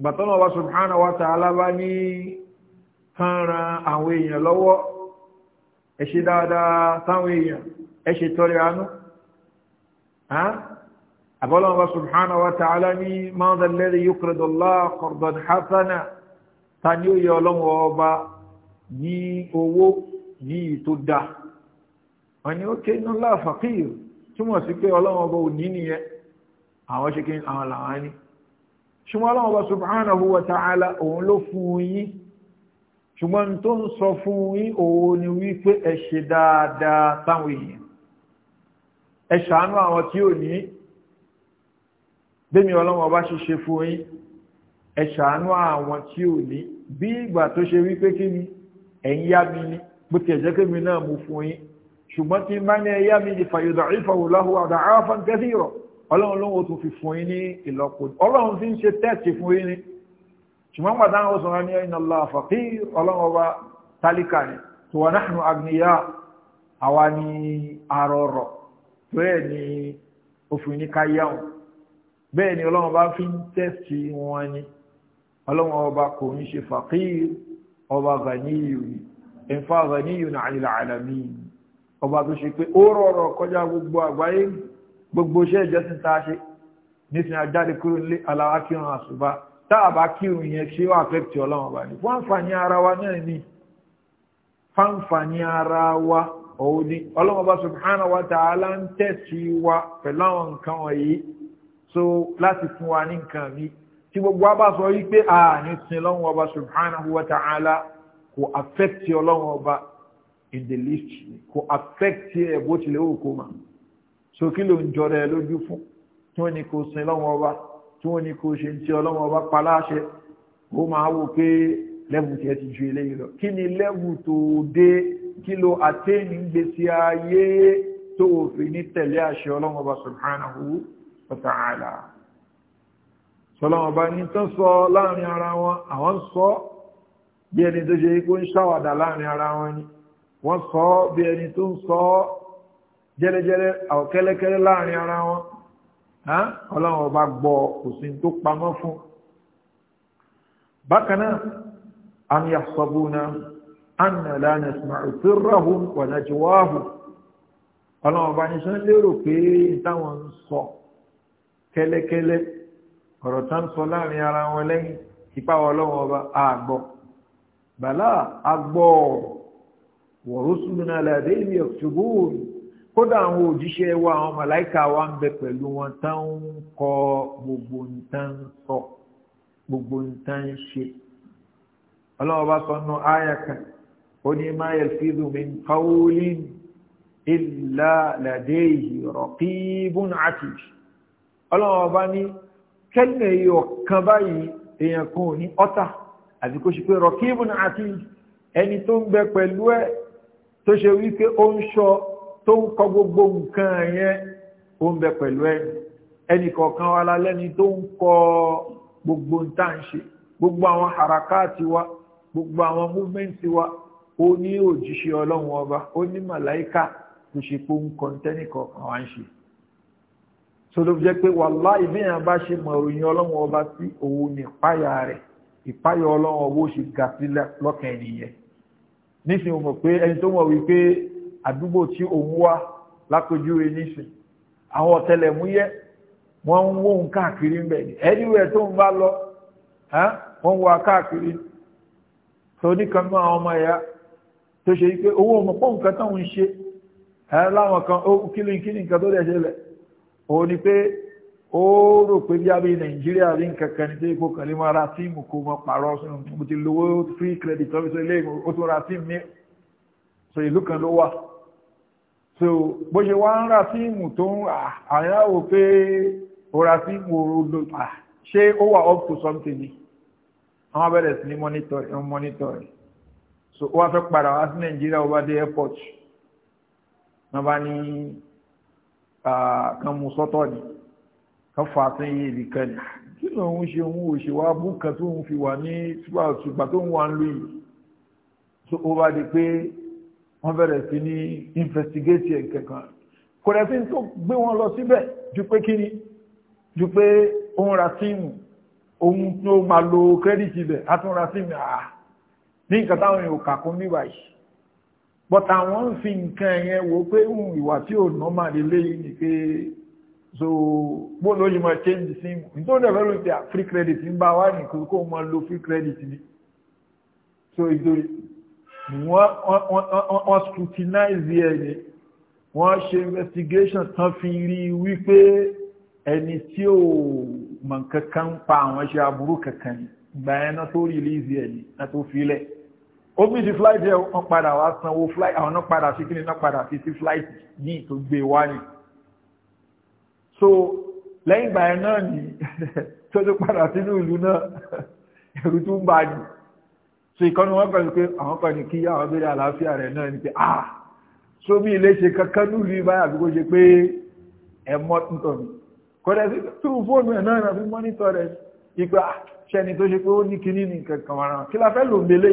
gbàtọ́nà wa subhanahu wa ta'ala bá ní kánra àwọn èèyàn lọ́wọ́ ẹ ṣe dáadáa sáwọn èèyàn ẹ ṣe tọrẹ àánú àbọ́lọ́wọ́ subhanahu wa ta'ala ní man dhal ladhi yuqridu Allah qardan hasana ta ni ó yẹ ọlọ́wọ́ ọba ní owó ní ìtò dá wọ́n ni ó ké inú Allah faqir túmọ̀ sí pé ọlọ́wọ́ ọba ò ní nìyẹn àwọn ṣe kí àwọn làwọn ní ṣùgbọ́n ọlọ́wọ́ subhanahu wa ta'ala òun ló fún yín ṣùgbọ́n tó ń sọ fún yín òun ni wípé ẹ ṣe dáadáa táwọn èèyàn ẹ ṣàánú àwọn tí ò ní bẹ́mi ọlọ́wọ́ bá ṣiṣẹ́ fún yín ẹ ṣàánú àwọn tí ò ní bí ìgbà tó ṣe wípé kí ni ẹ̀yìn yá mi ní bó ti ẹ̀jẹ́ kémi náà mú fún yín ṣùgbọ́n tí má ní ẹ̀yá mi ní fàyọ̀dọ̀ ìfọwọ́láhùn àdáhàfà ń kẹ́sí ìrọ̀ ọlọ́run lóhun ó tún fi fún yín ní ìlọ́pọ̀ ọlọ́run fi ń ṣe tẹ́ẹ̀tì fún yín ní ṣùgbọ́n pàtàkì àwọn sọ̀rọ̀ ní ẹ̀yìn allah fàkí ọlọ́wọ́wà tálíkà ni tó wà náà agniya àwa ni arọ̀rọ̀ bẹ́ẹ̀ ni òfin ní káyáwọn bẹ́ẹ̀ ni ọlọ́wọ́ bá fi ń tẹ́sì wọn ni ọlọ́wọ́ ọba kò ń ṣe fàkí ọba ghaniyu ni ẹ̀fà ghaniyu ni àlìlà àlàmì ọba tó ṣe pé ó rọrọ̀ kọjá gbogbo àgbáyé gbogbo iṣẹ́ ìjọsìn tá a ṣe nísìnyí ajáde kúrò nílé aláwákìrán àṣùbá táàbà kírun yẹn ṣé ó àfẹ́kìtì ọlọ́wọ́n bá ní fún àǹfààní ara wa náà ni fáǹfààní ara wa òun ni ọlọ́wọ́n bá subhanahu wa ta'ala ń tẹ̀sí wa pẹ̀lú àwọn nǹkan wọ̀nyí so láti fún wa ní nǹkan mi tí gbogbo wa bá sọ wípé a ní sin ọlọ́wọ́n bá subhanahu wa ta'ala kò àfẹ́kìtì ọlọ́wọ́n bá in the list kò àfẹ́kìtì ẹ̀ bó tilẹ̀ ó ma so kí ló ń jọra ẹ lójú fún tí wọ́n ní kò sin ọlọ́wọ́n bá tí wọ́n ní kó ṣe tí ọlọ́mọ bá pa láṣẹ ó máa wò pé lẹ́bù tí ẹ ti ju eléyìí lọ kí ni lẹ́bù tó dé kí lo àtẹ́yìn ń gbé sí ayé tó òfin ní tẹ̀lé àṣẹ ọlọ́mọ bá subhanahu wa ta'ala sọlọ́mọ bá ní tán sọ láàrin ara wọn àwọn sọ bí ẹni tó ṣe kó ń ṣàwàdà láàrin ara wọn ni wọ́n sọ bí ẹni tó ń sọ jẹ́lẹ́jẹ́lẹ́ àwọn láàrin ara wọn ọlọ́run ọba gbọ́ òsín tó pamọ́ fún bákan náà am yahsabuna anna na nasma'u sirrahum wa najwahum ọlọ́run ọba níṣẹ́ lérò pé táwọn ń sọ kẹ́lẹ́kẹ́lẹ́ ọ̀rọ̀ tá ń sọ láàrin ara wọn lẹ́yìn ipa ọlọ́run ọba àgbọ̀ bàlá àgbọ̀ kódà àwọn òjíṣẹ́ wa àwọn màláìka wa ń bẹ pẹ̀lú wọn tán ń kọ gbogbo nǹkan sọ gbogbo nǹkan ṣe ọlọ́wọ́ bá sọ nù áyàkà ó ní ma yalfizu min qawlin illa ladayhi raqibun atid ọlọ́wọ́ bá ní kẹ́lẹ̀ yọ kan báyìí èèyàn kan ò ní ọ́tà àti kó ṣe pé raqibun atid ẹni tó ń bẹ pẹ̀lú ẹ tó ṣe wípé ó ń ṣọ́ tó ń kọ gbogbo nǹkan yẹn ó ń bẹ pẹ̀lú ẹni ẹnì kọ̀ọ̀kan wa lálẹ́ni tó ń kọ gbogbo ń tà ń ṣe gbogbo àwọn harakáàtì wa gbogbo àwọn múfẹ́ǹtì wa ó ní òjíṣẹ́ ọlọ́run ọba ó ní màláíkà tó ṣe pé ó ń kọ tẹ́nì kọ̀ọ̀kan wa ń ṣe tó ló jẹ́ pé wàlá ìbíyàn bá ṣe mọ̀ òròyìn ọlọ́run ọba sí òun ní ìpáyà rẹ̀ ìpáyà ọlọ́run ọba ó ṣe ga sí lọ́kàn ènìyàn nísìnyí mo mọ̀ pé ẹni tó mọ̀ wípé àdúgbò tí òun wá lápèjúwe nísìn àwọn ọ̀tẹlẹ̀múyẹ́ wọ́n ń wó ń káàkiri ń bẹ̀ anywhere tó ń bá lọ wọ́n ń wá káàkiri tó nìkan mọ́ àwọn ọmọ ẹ̀yà tó ṣe pé owó ọmọ pọ́ nǹkan tó ń ṣe láwọn kan ó kílí kíní nǹkan tó dẹ̀ ṣẹlẹ̀ òun ni pé ó rò pé bí abẹ́ nàìjíríà rí nǹkan kan ní pé kò kàn lè máa tíìmù kó mọ pààrọ̀ sínú mo ti lówó free credit ọ́fíìsì ilé ìmọ̀ ó tún ra tíìmù so ìlú kan ló wà so bó ṣe wá ń ra síìmù tó ń àyà ò pé ó ra síìmù oró ṣé ó wà up to something ni àwọn abẹ́rẹ́ sí ní monitor rẹ̀ so ó wá fẹ́ padà wá sí nàìjíríà ó bá dé airport náà bá ní kan mú sọ́tọ̀ ni kan fà á sí ibi kan ni kí ló ń ṣe òun ò ṣe wá bú kan tó ń fi wà ní ṣùgbà tó ń wà ń lò yìí so ó bá di pé wọ́n bẹ̀rẹ̀ sí ní investigate ẹ̀ kankan kò rẹ̀ sí tó gbé wọn lọ síbẹ̀ ju pé kí ni ju pé òun ra síìmù òun tó máa lo kírẹ́dìtì bẹ̀ á tún ra síìmù àá ní nǹkan táwọn èèyàn kà kún níbà yìí bọ́tà wọ́n ń fi nǹkan ẹ̀yẹn wo pé ohun ìwà tí ò nọ́mà lélẹ́ yìí ni pé so bóòlù ó yìí máa change síìmù nítorí ẹ̀fẹ́ ló ti ah, free credit ń bá wá nìkan kó máa lo free credit ni so ìdórí wọ́n scrutinize ẹni wọ́n ṣe investigation tán fi rí wípé ẹni tí ò mọ̀ kankan pa àwọn ṣe aburú kankan ni gbà ẹ́ náà tó release ẹni náà tó filẹ̀ ó bí ti flight yẹ wọ́n padà wá sanwó flight àwọn náà padà sí kíni náà padà sí sí flight yìí tó gbé wá ni so lẹ́yìn ìgbà ẹ̀ náà ni tó tó padà sínú ìlú náà ẹ̀rù tó ń bá a nì so ìkọ́ni wọ́n kọ́ ní pé àwọn kọ́ ní kí àwọn abẹ́rẹ́ àlàáfíà rẹ̀ náà ní pé ah so bí ilé ṣe kankan nílùú ibáyà bí kò ṣe pé ẹ mọ́ tuntun mi kọ́dẹ̀ sí tú fóònù ẹ̀ náà fi mọ́nítọ̀ rẹ̀ ipa ṣẹni tó ṣe pé ó ní kíní ní kankan wọn rán kí la fẹ́ lò mélé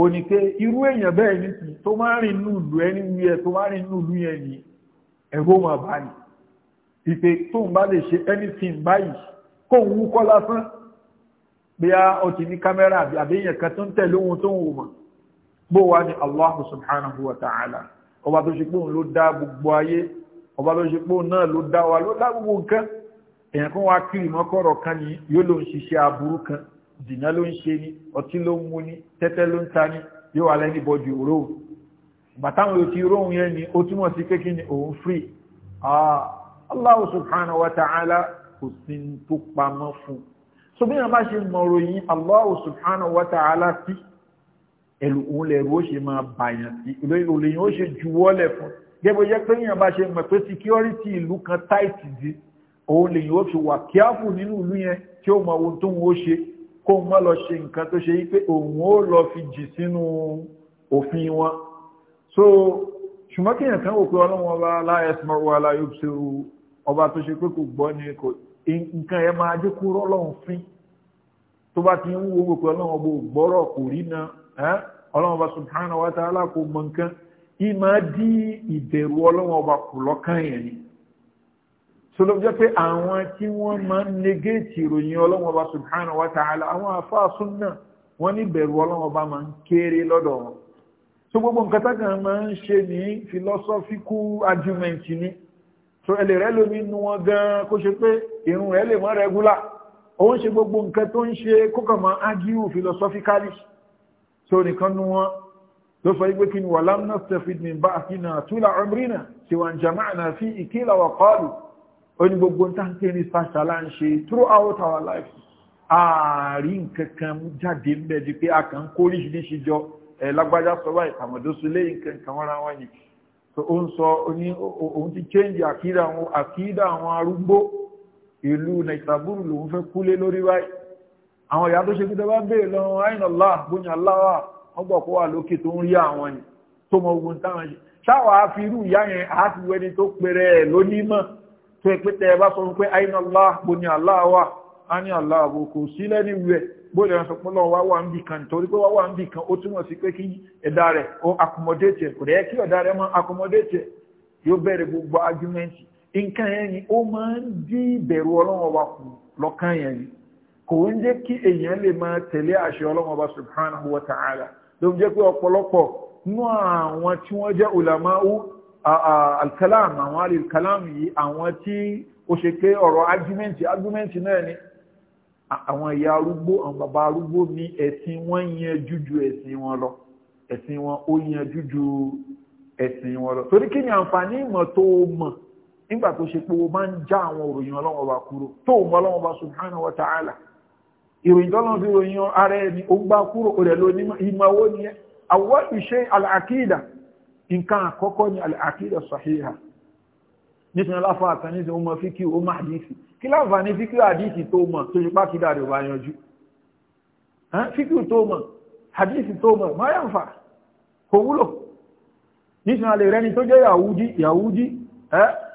ò ní pé irú èèyàn bẹ́ẹ̀ ní tó máa rìn nù ẹni wí ẹ tó máa rìn nù yẹn ní ẹ̀rọ máa bá ní ìpè tóun bá lè ṣe anything báyìí kóun wúkọ́ lásán bí a ó ti ní kámẹ́rà àbí èèyàn kan tó ń tẹ̀lé ohun tó ń wò mọ̀ bó wá ní Allah subhanahu wa ta'ala ọba tó ṣe pé òun ló dá gbogbo ayé ọba ló ṣe pé òun náà ló dá wa ló dá gbogbo nǹkan èèyàn kan wá kiri mọ́kọ̀rọ̀ kan ní yóò ló ń ṣiṣẹ́ aburú kan dìná ló ń ṣe ni ọtí ló ń mu ni tẹ́tẹ́ ló ń ta ni yóò wà lẹ́ni bọ́dì òró bàtàwọn yóò ti róhun yẹn ni ó túmọ̀ sí pé ni òun free ah, Allah subhanahu wa ta'ala kò sí tó pamọ́ fún un so bí wọn bá ṣe mọ̀rọ̀ yìí Allahu subhanahu wa ta'ala sí ẹ̀lú òun lẹ̀rú ó ṣe máa bàyàn sí olóyìn ó ṣe juwọ́lẹ̀ fún gẹ́gbẹ́ jẹ́ pé yìnyín bá ṣe mọ̀ pé security ìlú kan tight di òun lèyìn ó fi wà kíáfù nínú ìlú yẹn tí ó mọ ohun tó ń ó ṣe kó ń mọ́ lọ ṣe nǹkan tó ṣe yí pé òun ó lọ fi jì sínú òfin wọn so ṣùgbọ́n kí yẹn kan wò pé ọlọ́wọ́n ọba la yasma'u wa la yubsiru ọba tó ṣe pé kò gbọ́ ni kò nǹkan ẹ máa jẹ́ kó rọ́lọ́run fín tó bá ti ń wo gbogbo ọlọ́run ọba ògbọ́rọ̀ kò rí na ọlọ́run ọba subhanahu wa ta'ala kò mọ nǹkan kí máa dí ìbẹ̀rù ọlọ́run ọba kù lọ́kàn yẹn ni so ló jẹ́ pé àwọn tí wọ́n máa ń negéètì ìròyìn ọlọ́run ọba subhanahu wa ta'ala àwọn àfáà súnà wọ́n ní ìbẹ̀rù ọlọ́run ọba máa ń kéré lọ́dọ̀ wọn so gbogbo nǹkan tágàn so ẹlẹ̀ rẹ̀ lómi inú wọn gan kó ṣe pé irun rẹ̀ lè mọ́ rẹ́gúlà ó ń ṣe gbogbo nǹkan tó ń ṣe kókànmọ́ ágíù philosophically so nìkan nu wọn ló sọ wípé kí ni wà lámúná stefid min bá àfihàn àtúlà ọmọrìnà tí wọn jàmá àná sí ìkílà wà kọlù ó ní gbogbo ń tàǹtẹ̀ ní sàṣà là throughout our life ààrí nǹkan jáde ń bẹ̀ di pé a kàn ń kó oríṣiríṣi jọ ẹ̀ lágbájá sọ wáyé tàmọ̀dọ́sọ lẹ́yìn kankan ra wọn yìí so ó ń sọ oní òun ti change àkídà àwọn àkídà àwọn arúgbó ìlú nàìjíríà lòun fẹ́ kúlé lórí báyìí àwọn ìyá tó ṣe kíta bá bèèrè lọ àìnàlá bóyá láwà ọgbọ̀ kó wà lókè tó ń rí àwọn yìí tó mọ ogun táwọn ṣe ṣáwà á fi irú ìyá yẹn á ti wẹni tó pèrè ẹ̀ lónímọ̀ tó ẹ pé tẹ ẹ bá sọ pé àìnàlá bóyá láwà á ní àlá àbòkò sílẹ̀ níwẹ̀ bóyá wọn sọ pé wá wà ń bì kan torí pé wá wà ń bì kan ó túmọ̀ sí pé kí ẹ̀dá rẹ̀ ó accommodate kò kí ẹ̀dá rẹ̀ máa yóò bẹ̀rẹ̀ gbogbo argument nǹkan yẹn ni ó máa ń dí ìbẹ̀rù ọlọ́wọ́ wa kù lọ́kàn yẹn ni kò ń jẹ́ kí èèyàn ta'ala ló ń jẹ́ pé ọ̀pọ̀lọpọ̀ nú àwọn tí wọ́n jẹ́ àwọn àwọn ìyá arúgbó àwọn bàbá arúgbó ní ẹ̀sìn wọn yẹn jújú ẹ̀sìn wọn lọ ẹ̀sìn wọn ó yẹn jújú ẹ̀sìn wọn lọ torí kí ni àǹfààní ìmọ̀ tó mọ̀ nígbà tó ṣe pé o máa ń já àwọn òròyìn ọlọ́run ọba kúrò tó mọ̀ ọlọ́run ọba subhanahu wa ta'ala ìròyìn tọ́lọ́run fi ròyìn ara ẹni ó ń gbá kúrò rẹ̀ ló ní ìmọ̀ owó ni ẹ àwọn ìṣe al-aqida nǹkan kí láǹfààní fíkú àdíìsì tó mọ̀ tó yípa kí dáadé wà yanjú fíkú tó mọ̀ àdíìsì tó mọ̀ má yà ń fà kò wúlò nísìn alẹ́ rẹni tó jẹ́ yàwújí yàwújí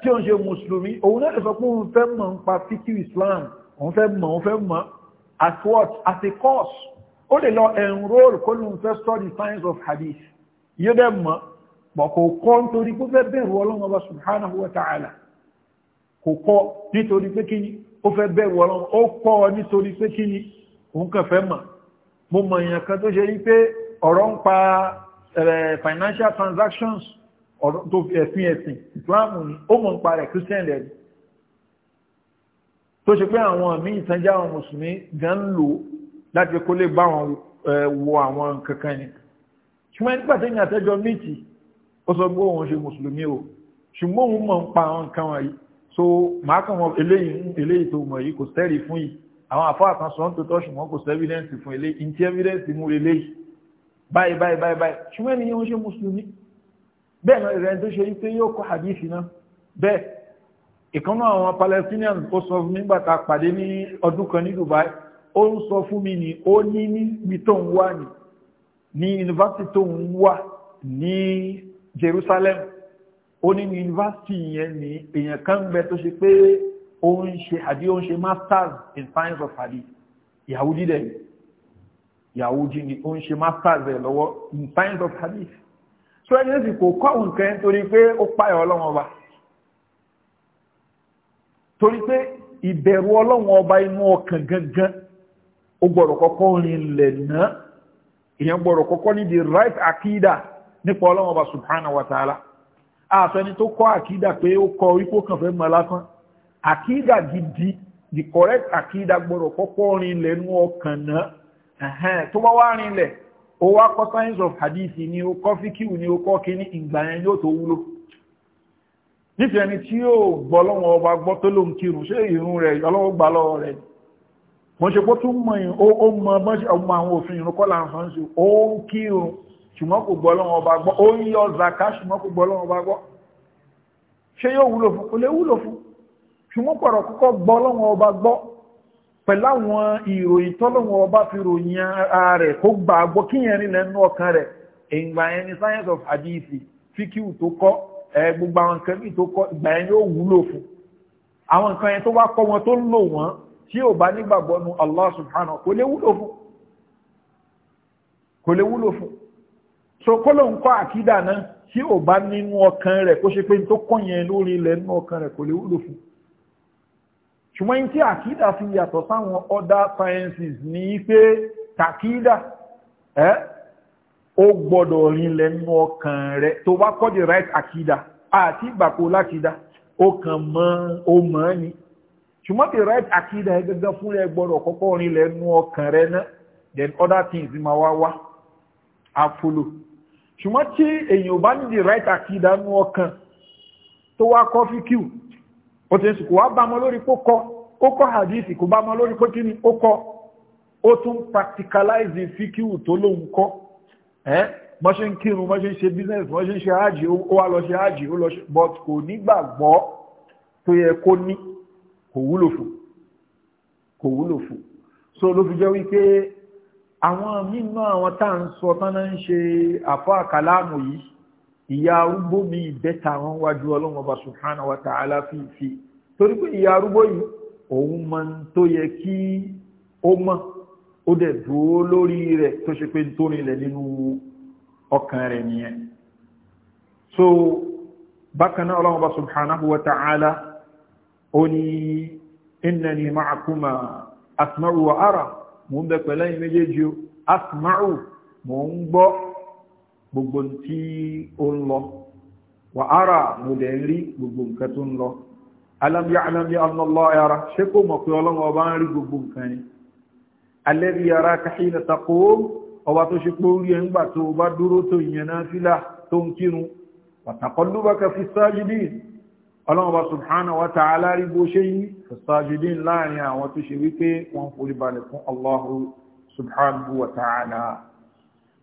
tí ó ń ṣe mùsùlùmí òun náà sọ pé òun fẹ́ mọ̀ ń fíkú Islam òun fẹ́ mọ̀ òun fẹ́ mọ̀ as what as a course ó lè lọ enroll kó lóun fẹ́ study science of hadith yóò dẹ́ mọ̀ pọ̀ kò kọ́ nítorí pé fẹ́ bẹ̀rù Ọlọ́run Ọba subhanahu wa ta'ala kò kọ́ nítorí pé kí ni ó fẹ́ bẹ̀rù ọlọ́run ó kọ́ ọ nítorí pé kí ni òun kàn fẹ́ mọ̀ mo mọ̀ èèyàn kan tó ṣe rí pé ọ̀rọ̀ ń pa financial transactions ọ̀rọ̀ tó fi ẹ̀sìn ẹ̀sìn Islam ni ó mọ̀ ń pa rẹ̀ Christian rẹ̀ tó ṣe pé àwọn míì sanjá àwọn mùsùlùmí gan lò láti kó lè bá wọn wo àwọn kankan ni ṣùgbọ́n nígbà tí ìyàtẹ́jọ́ míìtì ó sọ pé òun ṣe mùsùlùmí o ṣùgbọ́n òun mọ̀ ń pa àwọn nǹkan wọ̀nyí so màá kàn mọ eléyìí eléyìí tó mọ̀ yìí kò sẹ́rì fún yìí àwọn àfáà kan sọ ń tó tọ́ṣù wọn kò sọ evidence fún eléyìí ntí evidence mú eléyìí báyìí báyìí báyìí báyìí ṣùgbọ́n ẹni yẹn wọ́n ṣe mùsùlùmí bẹ́ẹ̀ náà ìrẹ́ni tó ṣe wípé yóò kọ́ hadith náà bẹ́ẹ̀ ìkan náà àwọn Palestinians ó sọ fún mi nígbà tá a pàdé ní kan ní Dubai ó ń sọ fún mi ní ó ní níbi tó ń wà ní ní yunifásitì tó ń wà Jerusalem ó ní ní yunifásitì yẹn ni èèyàn kan ń bẹ tó ṣe pé ó ń ṣe àdí ó ń ṣe masters in science of hadith Yahudi dẹ̀ Yahudi ni ó ń ṣe masters rẹ̀ lọ́wọ́ in science of hadith so ẹni sì kò kọ́ àwọn nǹkan torí pé ó páyọ̀ ọlọ́wọ́n ọba torí pé ìbẹ̀rù ọlọ́wọ́n ọba inú ọkàn gangan ó gbọ́dọ̀ kọ́kọ́ rinlẹ̀ náà èèyàn gbọ́dọ̀ kọ́kọ́ ní the right akida nípa ọlọ́wọ́n ọba subhanahu wa ta'ala àfẹni tó kọ́ àkídà pé ó kọ wípó kàn fẹ́ mọ́ lásán àkídà gidi the correct àkídà gbọ́dọ̀ kọ́kọ́ rinlẹ̀ nú ọkàn náà tó bá wá rinlẹ̀ ó wá kọ́ science of hadith ni ó kọ́ fíkíù ni ó kọ́ kíní ìgbà yẹn yóò tó wúlò nífẹ̀ẹ́ ni tí yóò gbọ́ lọ́wọ́ ọba gbọ́ tó ló ń kírun ṣé ìrun rẹ̀ ọlọ́wọ́ gbà lọ́wọ́ rẹ̀ wọ́n ṣe pọ́ tún mọ̀ ó mọ ọmọ àwọn òfin ìrun kọ́ láǹfààní ó ń kírun ṣùgbọ́n kò gbọ́ lọ́wọ́ ọba gbọ́ ó ń yọ zaka ṣùgbọ́n kò gbọ́ lọ́wọ́ ọba gbọ́ ṣé yóò wúlò fún kò lè wúlò fún ṣùgbọ́n pọ̀rọ̀ kọ́kọ́ gbọ́ lọ́wọ́ ọba gbọ́ pẹ̀lú àwọn ìròyìn tọ́lọ́wọ́ ọba fi ròyìn ara rẹ̀ kó gbà gbọ́ kíyẹn rí lẹ́nu ọkàn rẹ̀ ìgbà yẹn ni science of hadisi fíkíù tó kọ́ gbogbo àwọn nǹkan míì tó kọ́ ìgbà yẹn yóò wúlò fún àwọn nǹkan Allah subhanahu kò lè wúlò fún so kọ́lọ̀ ń kọ́ àkídà náà tí ò bá nínú ọkàn rẹ̀ kó ṣe pé tó kọ́ yẹn lórí ilẹ̀ nínú ọkàn rẹ̀ kò lè wúlò fún ṣùgbọ́n yín tí àkídà fi yàtọ̀ sáwọn other sciences ní pé tàkídà ẹ́ ó gbọ́dọ̀ rinlẹ̀ nínú ọkàn rẹ̀ tó bá kọ́ the right àkídà àti ìgbàpò lákídà ó kàn mọ́ ó mọ́ ni ṣùgbọ́n the right àkídà ẹ fún rẹ̀ gbọ́dọ̀ kọ́kọ́ rinlẹ̀ nínú ọkàn rẹ̀ náà then other things máa wá wá á follow ṣùgbọ́n tí èyàn bá ní the right àkídà nú ọkàn tó wá kọ́ fi kíù ó ti sùkú wá bá mọ́ lórí pó kọ́ hadithi kò bá mọ́ lórí pó kíni ó kọ́ ó tún practicalize fi kíù tó lóhun kọ́ ẹ́ mọ́ ń kírun mọ́ ń ṣe business mọ́ ṣe ń ṣe ájì ó wá lọ ṣe ájì ó lọ ṣe but kò nígbàgbọ́ tó yẹ kó ní kò wúlò fún kò wúlò fún so ló fi jẹ́ wípé àwọn nínú àwọn tá à ń sọ tán náà ń ṣe àfọ́ àkàlámù yìí ìyá arúgbó mi ìbẹ́ta wọn wájú ọlọ́run ọba subhanahu wa ta'ala fi fi torí pé ìyá arúgbó yìí òun mọ tó yẹ kí ó mọ ó dẹ̀ dúró lórí rẹ̀ tó ṣe pé tó rinlẹ̀ nínú ọkàn rẹ̀ nìyẹn so bákan náà ọlọ́run ọba subhanahu wa ta'ala ó ní innani ma'akuma asma'u wa ara mò ń bẹ pẹ̀lẹ́yìn méjèèjì o asma'u mò ń gbọ́ gbogbo tí ó ń lọ wà ara mo dẹ̀ ń rí gbogbo nǹkan tó ń lọ alam ya'lam bi anna Allah yara ṣé kò mọ̀ pé ọlọ́run ọba ń rí gbogbo nǹkan yẹn alladhi yaraka hina taqum ọba tó ṣe pé ó rí ẹ ńgbà tó bá dúró tó ìyẹn náà fílà tó ń kírun wa taqallubaka fi sajidin ọlọ́wọ́ subhanahu wa ta'ala rí bó ṣe yí fasajidin láàrin àwọn tó ṣe wípé wọ́n forí balẹ̀ fún Allahu subhanahu wa ta'ala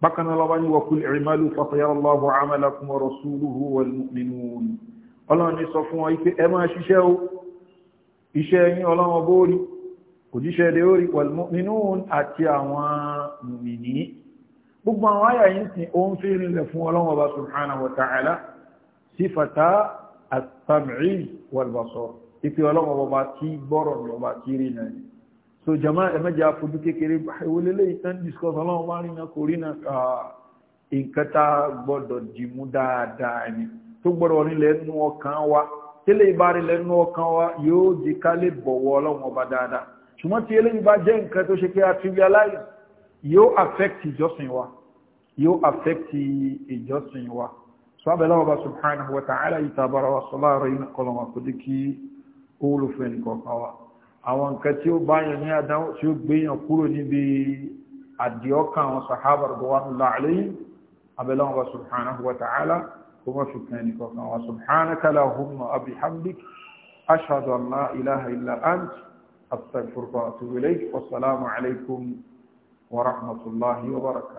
bákan náà lọ́wọ́ ní wa qul i'malu fasayara Allahu 'amalakum wa rasuluhu wal mu'minun ọlọ́run ní sọ fún wọn ike ẹ máa àtàmì wàlbàṣọ́ ipe ọlọ́wọ́ bá tí gbọ́rọ̀ ní ọba tí rí náà so jama ẹ̀mẹ́jẹ́ afojú kékeré ìwọlélé ìtàn discuss ọlọ́wọ́ bá rí náà kò rí náà ká ah, nǹkan tá gbọ́dọ̀ dìmú dáadáa ni tó gbọ́dọ̀ nílẹ̀ nú ọkàn wa tẹ́lẹ̀ ìbá rí lẹ́nu ọkàn wa yóò di ká lè bọ̀wọ̀ ọlọ́wọ́ ọba dáadáa ṣùgbọ́n tí eléyìí bá jẹ́ nǹkan tó ṣe pé a trivialize yóò affect ìjọsìn wa yóò affect ìjọsìn wa sábẹ̀lá ọba subhanahu wa ta'ala ìtàbára wa sọlá rẹ̀ iná kọlọmà kò dé kí ó wúlò fún ẹnì kọ̀ọ̀kan wa àwọn nǹkan tí ó bá yàn ní àdáwò tí ó gbé kúrò níbi àdìọ́kàn àwọn sàhábà radwanullahi alayhim abẹ́lá ọba subhanahu wa